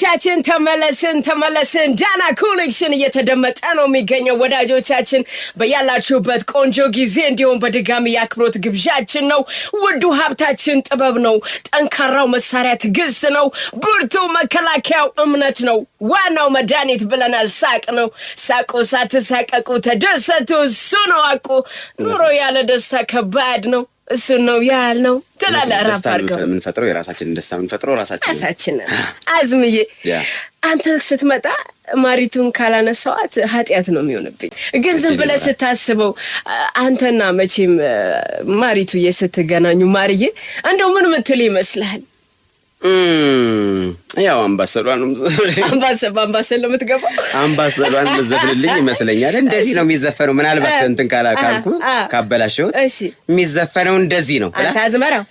ወዳጆቻችን ተመለስን ተመለስን። ዳና ኮሌክሽን እየተደመጠ ነው የሚገኘው። ወዳጆቻችን በያላችሁበት ቆንጆ ጊዜ እንዲሁም በድጋሚ የአክብሮት ግብዣችን ነው። ውዱ ሀብታችን ጥበብ ነው። ጠንካራው መሳሪያ ትዕግስት ነው። ብርቱ መከላከያው እምነት ነው። ዋናው መድኃኒት ብለናል። ሳቅ ነው። ሳቁ ሳትሳቀቁ ተደሰቱ። እሱ ነው አቁ ኑሮ ያለ ደስታ ከባድ ነው። እሱን ነው ያልነው ትላለህ። ራፍ አድርገው የምንፈጥረው የራሳችንን ደስታ የምንፈጥረው ራሳችን ራሳችን። አዝምዬ አንተ ስትመጣ ማሪቱን ካላነሳዋት ኃጢአት ነው የሚሆንብኝ። ግን ዝም ብለህ ስታስበው አንተና መቼም ማሪቱዬ ስትገናኙ ማርዬ እንደው ምን ምትል ይመስልሃል? ያው አምባሰሏን በአምባሰል ነው የምትገባው። አምባሰሏን የምትዘፍንልኝ ይመስለኛል። እንደዚህ ነው የሚዘፈነው። ምናልባት እንትን ካላልኩ ካበላሸሁት የሚዘፈነው እንደዚህ ነው። አዝመራው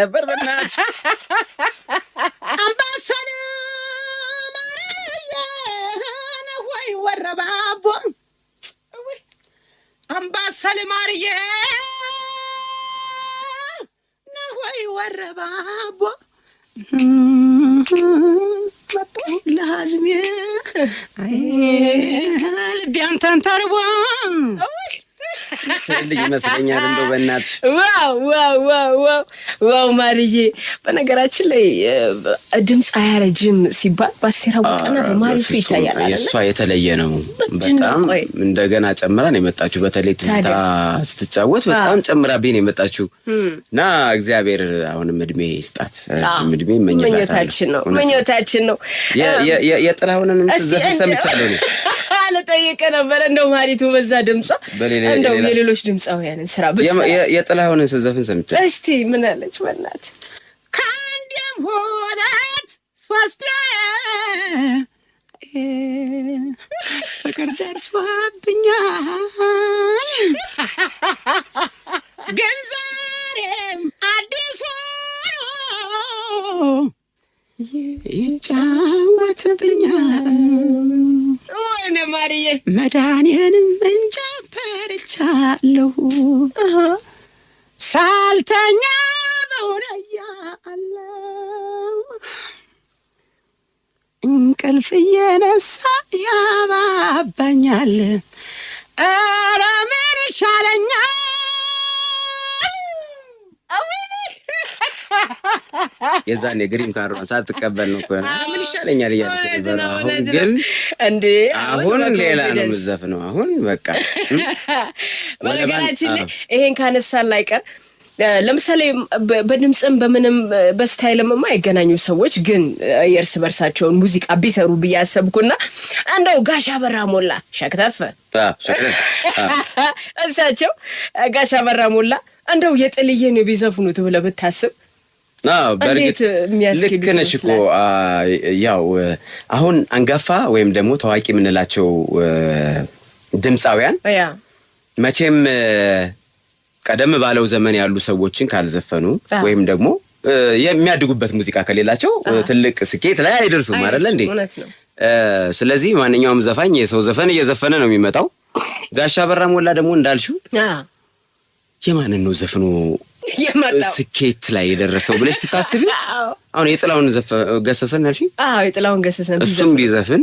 ነበር በእናትህ ወረባቦ አምባሰል ማርዬ ነሆይ ወረባቦ ለሀዝሜ ልቤ አንተን ተርቧ ትልቅ ይመስለኛል። እንደው በእናትሽ ዋው ማርዬ፣ በነገራችን ላይ ድምፅ አያረጅም ሲባል በአሴራ ወቀና በማሪቱ ይታያል። የእሷ የተለየ ነው። በጣም እንደገና ጨምራ ነው የመጣችሁ። በተለይ ትዝታ ስትጫወት በጣም ጨምራብኝ ነው የመጣችሁ እና እግዚአብሔር አሁንም እድሜ ይስጣት። እድሜ መኝታችን ነው መኝታችን ነው። የጥላሁንን ዘፈን ሰምቻለሁ ነው ልጠይቅ ነበረ። እንደው ማሪቱ በዛ ድምጿ እንደው የሌሎች ድምፃውያንን ስራ የጥላሁንን ስዘፍን ሰምቻለሁ። እስቲ ምን አለች? በናት ከአንዴም ሁለት ሶስት ፍቅር ደርሶብኛል ግን ዛሬም አዲስ ሆኖ ይጫወትብኛል ማርዬ መድኃኒንም እንጃ ፈርቻለሁ ሳልተኛ በሆነ እያለሁ እንቅልፍ እየነሳ ያባባኛል ኧረ ምን ይሻለኛል የዛን የግሪን ካርዱን ሳትቀበል ነው ከሆነ ምን ይሻለኛል እያለች ነበር። አሁን ግን እንዴ አሁን ሌላ ነው ምዘፍ ነው አሁን በቃ በነገራችን ላይ ይሄን ካነሳን ላይቀር ለምሳሌ በድምፅም በምንም በስታይልም የማይገናኙ ሰዎች ግን የእርስ በርሳቸውን ሙዚቃ ቢሰሩ ብዬ አሰብኩና አንደው ጋሽ አበራ ሞላ ሸክተፍ እሳቸው ጋሽ አበራ ሞላ እንደው ነው ቢዘፍኑት ብለህ ብታስብ ልክ ነሽ እኮ ያው አሁን አንጋፋ ወይም ደግሞ ታዋቂ የምንላቸው ድምፃውያን መቼም ቀደም ባለው ዘመን ያሉ ሰዎችን ካልዘፈኑ ወይም ደግሞ የሚያድጉበት ሙዚቃ ከሌላቸው ትልቅ ስኬት ላይ አይደርሱም አይደለ እንዴ? ስለዚህ ማንኛውም ዘፋኝ የሰው ዘፈን እየዘፈነ ነው የሚመጣው። ጋሻ በራ ሞላ ደግሞ እንዳልሹ? የማንን ነው ዘፍኖ ስኬት ላይ የደረሰው ብለሽ ስታስቢ አሁን የጥላውን ገሰሰን ያልሽ የጥላውን ገሰሰን እሱም ቢዘፍን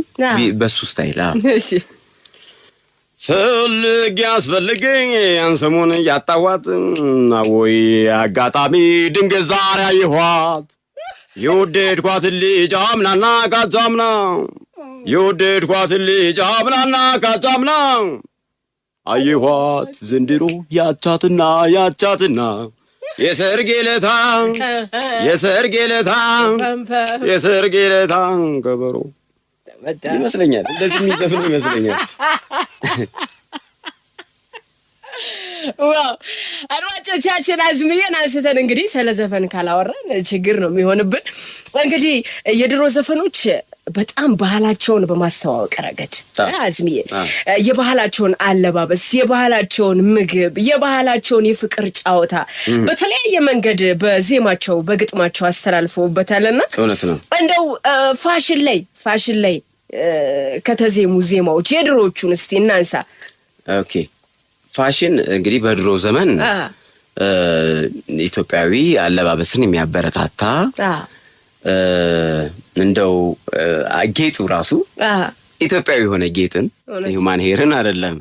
በሱ ስታይል ፈልግ ያስፈልገኝ ያን ሰሞን ያጣዋት ወይ አጋጣሚ ድንገት ዛሬ አየኋት የወደድኳት ልጅ አምናና ካቻምና የወደድኳት ልጅ አምናና ካቻምና አየኋት ዘንድሮ ያቻትና ያቻትና የሰርጌ ለታ የሰርጌ ለታ የሰርጌ ለታ ከበሮ ይመስለኛል፣ እንደዚህ የሚዘፍኑ ይመስለኛል። ዋው አድማጮቻችን፣ አዝምዬን አንስተን እንግዲህ ስለ ዘፈን ካላወራን ችግር ነው የሚሆንብን። እንግዲህ የድሮ ዘፈኖች በጣም ባህላቸውን በማስተዋወቅ ረገድ አዝሚ የባህላቸውን አለባበስ፣ የባህላቸውን ምግብ፣ የባህላቸውን የፍቅር ጫወታ በተለያየ መንገድ በዜማቸው በግጥማቸው አስተላልፈውበታልና እንደው ፋሽን ላይ ፋሽን ላይ ከተዜሙ ዜማዎች የድሮዎቹን እስቲ እናንሳ። ኦኬ ፋሽን እንግዲህ በድሮ ዘመን ኢትዮጵያዊ አለባበስን የሚያበረታታ እንደው ጌጡ ራሱ ኢትዮጵያዊ የሆነ ጌጥን ሂውማን ሄርን አይደለም።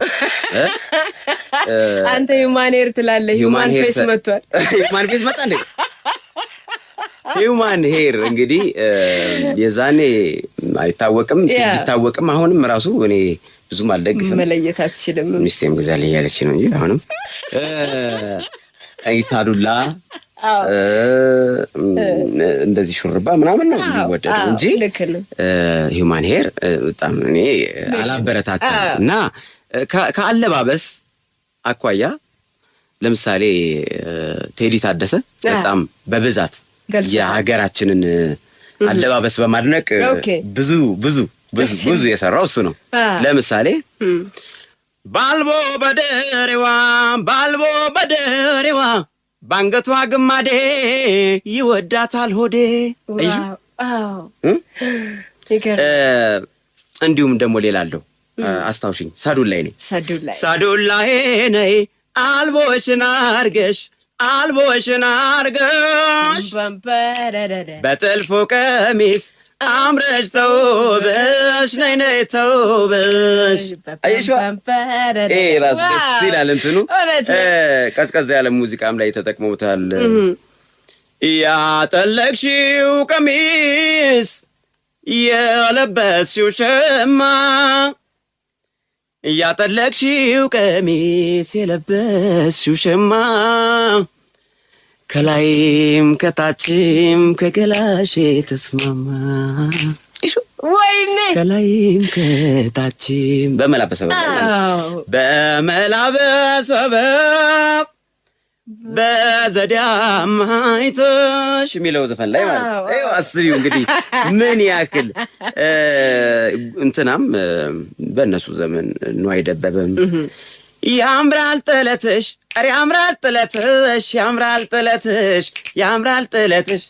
አንተ ሂውማን ሄር ትላለህ፣ ሂውማን ፌስ መጥቷል። ሂውማን ፌስ መጣ እንዴ? ሂውማን ሄር እንግዲህ የዛኔ አይታወቅም፣ ቢታወቅም አሁንም ራሱ እኔ ብዙም አልደግፍም። መለየት አትችልም። ሚስቴም ግዛ ላይ ያለች ነው እንጂ አሁንም ኢሳዱላ እንደዚህ ሹርባ ምናምን ነው የሚወደደው እንጂ ሂውማን ሄር በጣም እኔ አላበረታታ እና ከአለባበስ አኳያ ለምሳሌ ቴዲ ታደሰ በጣም በብዛት የሀገራችንን አለባበስ በማድነቅ ብዙ ብዙ ብዙ የሰራው እሱ ነው። ለምሳሌ ባልቦ በደሪዋ ባልቦ በደሪዋ ባንገቷ ግማዴ ይወዳታል ሆዴ። እንዲሁም ደግሞ ሌላ አለው አስታውሽኝ። ሳዱን ሳዱላይ ነይ ላይ ነይ አልቦሽን አርገሽ አልቦሽን አርገሽ በጥልፎ ቀሚስ አምረሽ ተውበሽ ነይ ነይ ተውበሽ። አየሽዋ ራስ ደስ ይላል። እንትኑ ቀዝቀዝ ያለ ሙዚቃም ላይ ተጠቅመውታል። ያጠለቅሽው ቀሚስ የለበስሽው ሸማ ያጠለቅሽው ቀሚስ የለበስሽው ሸማ ከላይም ከታችም ከገላሽ ተስማማ ወይኔ ከላይም ከታችም በመላ በሰበብ በመላ በሰበብ በዘዴ ማይተሽ የሚለው ዘፈን ላይ ማለት ነው። አስቢው እንግዲህ ምን ያክል እንትናም በእነሱ ዘመን ነዋይ ደበበም ያምራል ጥለትሽ ኧረ ያምራል ጥለትሽ ያምራል ጥለትሽ ያምራል ጥለትሽ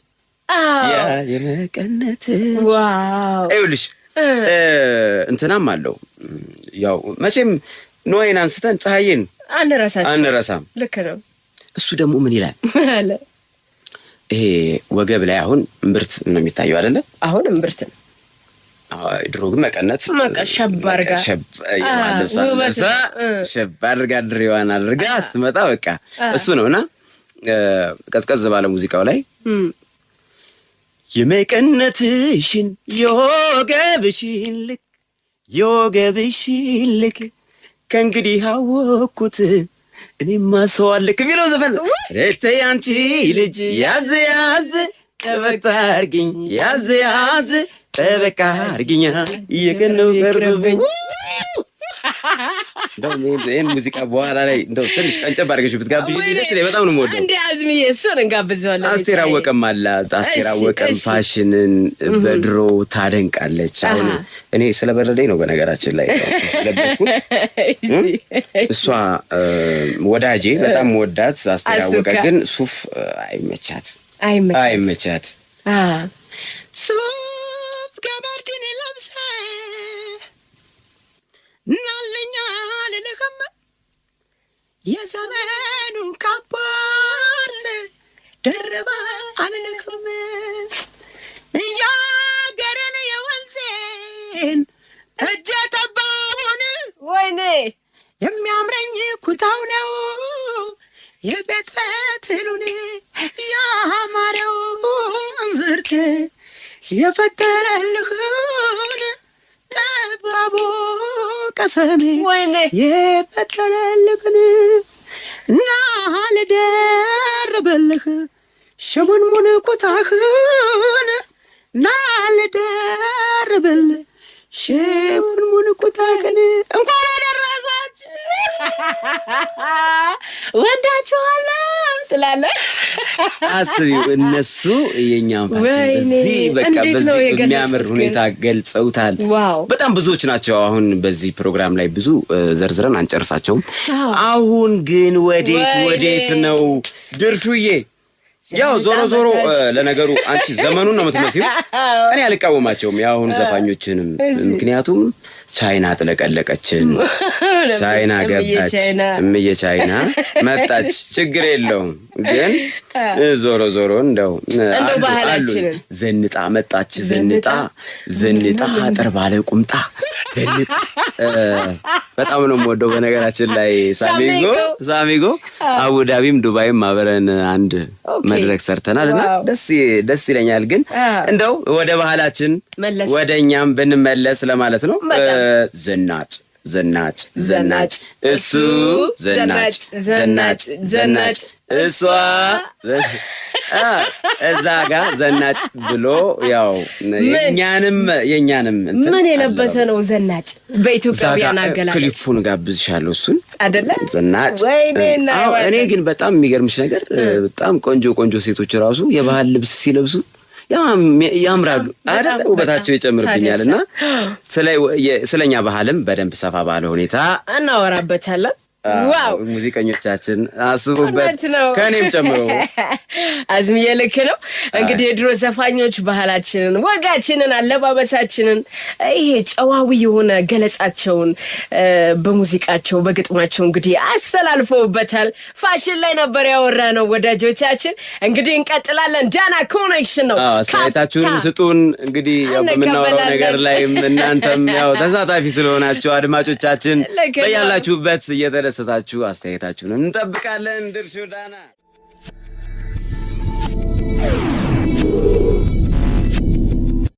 የመቀነት ይኸውልሽ እንትናም አለው ያው መቼም ንዋይን አንስተን ፀሐይን አንረሳም። ልክ ነው። እሱ ደግሞ ምን ይላል? ምን ይሄ ወገብ ላይ አሁን እምብርት ነው የሚታየው አይደለ? አሁን እምብርት ነው ድሮግ መቀነት ሸባርጋ አድርጋ አድርጋ ድሬዋን አድርጋ ስትመጣ በቃ እሱ ነው እና ቀዝቀዝ ባለ ሙዚቃው ላይ የመቀነትሽን የወገብሽን ልክ የወገብሽን ልክ ከእንግዲህ አወቅኩት እኔ ማሰዋልክ የሚለው ዘፈን ተይ አንቺ ልጅ ያዝ ያዝ ተበታርግኝ ያዝ ያዝ ጠበቃ አርግኛ እየቀነው ቀርብብኝ። ይህን ሙዚቃ በኋላ ላይ እንደው ትንሽ ቀንጨብ አድርገሽ ብትጋብዥ በጣም ነው የምወደው። እንደ አዝሚዬ እሱን እንጋብዘዋለን። አስቴር አወቀም አላት። አስቴር አወቀም ፋሽንን በድሮ ታደንቃለች። አሁን እኔ ስለበረደኝ ነው በነገራችን ላይ እሷ ወዳጄ በጣም ወዳት። አስቴር አወቀ ግን ሱፍ አይመቻት አይመቻት አይመቻት ገበርድን ለብሰ እናለኛ ልልህም የዘመኑ ካፖርት ደርበ አልልህም እያገርን የወንዜን እጀ ጠባቡን ወይኔ የሚያምረኝ ኩታው ነው የቤት ፈትሉን ያማረው እንዝርት የፈጠረልህን ጠባቡ ቀሰሜ የፈጠረልህን ና ልደርብልህ ሽሙንሙን ኩታህን ና ልደርብልህ ሽሙንሙን ኩታህን እንኳን አደረሳችሁ ወንዳች ያለ አስቢው። እነሱ የኛም በዚህ በቃ በዚህ የሚያምር ሁኔታ ገልጸውታል። በጣም ብዙዎች ናቸው። አሁን በዚህ ፕሮግራም ላይ ብዙ ዘርዝረን አንጨርሳቸውም። አሁን ግን ወዴት ወዴት ነው ድርሹዬ? ያው ዞሮ ዞሮ ለነገሩ አንቺ ዘመኑን ነው የምትመስሉ። እኔ አልቃወማቸውም የአሁኑ ዘፋኞችንም፣ ምክንያቱም ቻይና ጥለቀለቀችን፣ ቻይና ገባች፣ እምዬ ቻይና መጣች፣ ችግር የለውም ግን ዞሮ ዞሮ እንደው ባህላችንን ዘንጣ መጣች፣ ዘንጣ ዘንጣ አጥር ባለ ቁምጣ በጣም ነው የምወደው። በነገራችን ላይ ሳሚጎ ሳሚጎ አቡዳቢም ዱባይም አብረን አንድ መድረክ ሰርተናል እና ደስ ይለኛል። ግን እንደው ወደ ባህላችን ወደ እኛም ብንመለስ ለማለት ነው። ዝናጭ ዘናጭ ዘናጭ እሱ ዘናጭ ዘናጭ ዘናጭ እሷ እዛ ጋ ዘናጭ ብሎ ያው የእኛንም የእኛንም ምን የለበሰ ነው ዘናጭ በኢትዮጵያውያን አገላለጽ ክሊፑን ጋብዝሻለሁ። እሱን አደለ ዘናጭ። እኔ ግን በጣም የሚገርምሽ ነገር በጣም ቆንጆ ቆንጆ ሴቶች ራሱ የባህል ልብስ ሲለብሱ ያምራሉ አይደል? ውበታቸው ይጨምርብኛል እና ስለኛ ባህልም በደንብ ሰፋ ባለ ሁኔታ እናወራበታለን። ሙዚቀኞቻችን አስቡበት፣ ከእኔም ጨምሮ አዝምዬ ልክ ነው። እንግዲህ የድሮ ዘፋኞች ባህላችንን፣ ወጋችንን፣ አለባበሳችንን ይሄ ጨዋዊ የሆነ ገለጻቸውን በሙዚቃቸው በግጥማቸው እንግዲህ አስተላልፈውበታል። ፋሽን ላይ ነበር ያወራ ነው ወዳጆቻችን። እንግዲህ እንቀጥላለን። ዳና ኮኔክሽን ነው። አስተያየታችሁንም ስጡን። እንግዲህ በምናወራው ነገር ላይም እናንተም ያው ተሳታፊ ስለሆናችሁ አድማጮቻችን በያላችሁበት እየተደ ከተደሰታችሁ አስተያየታችሁን እንጠብቃለን። ድርሹ ዳና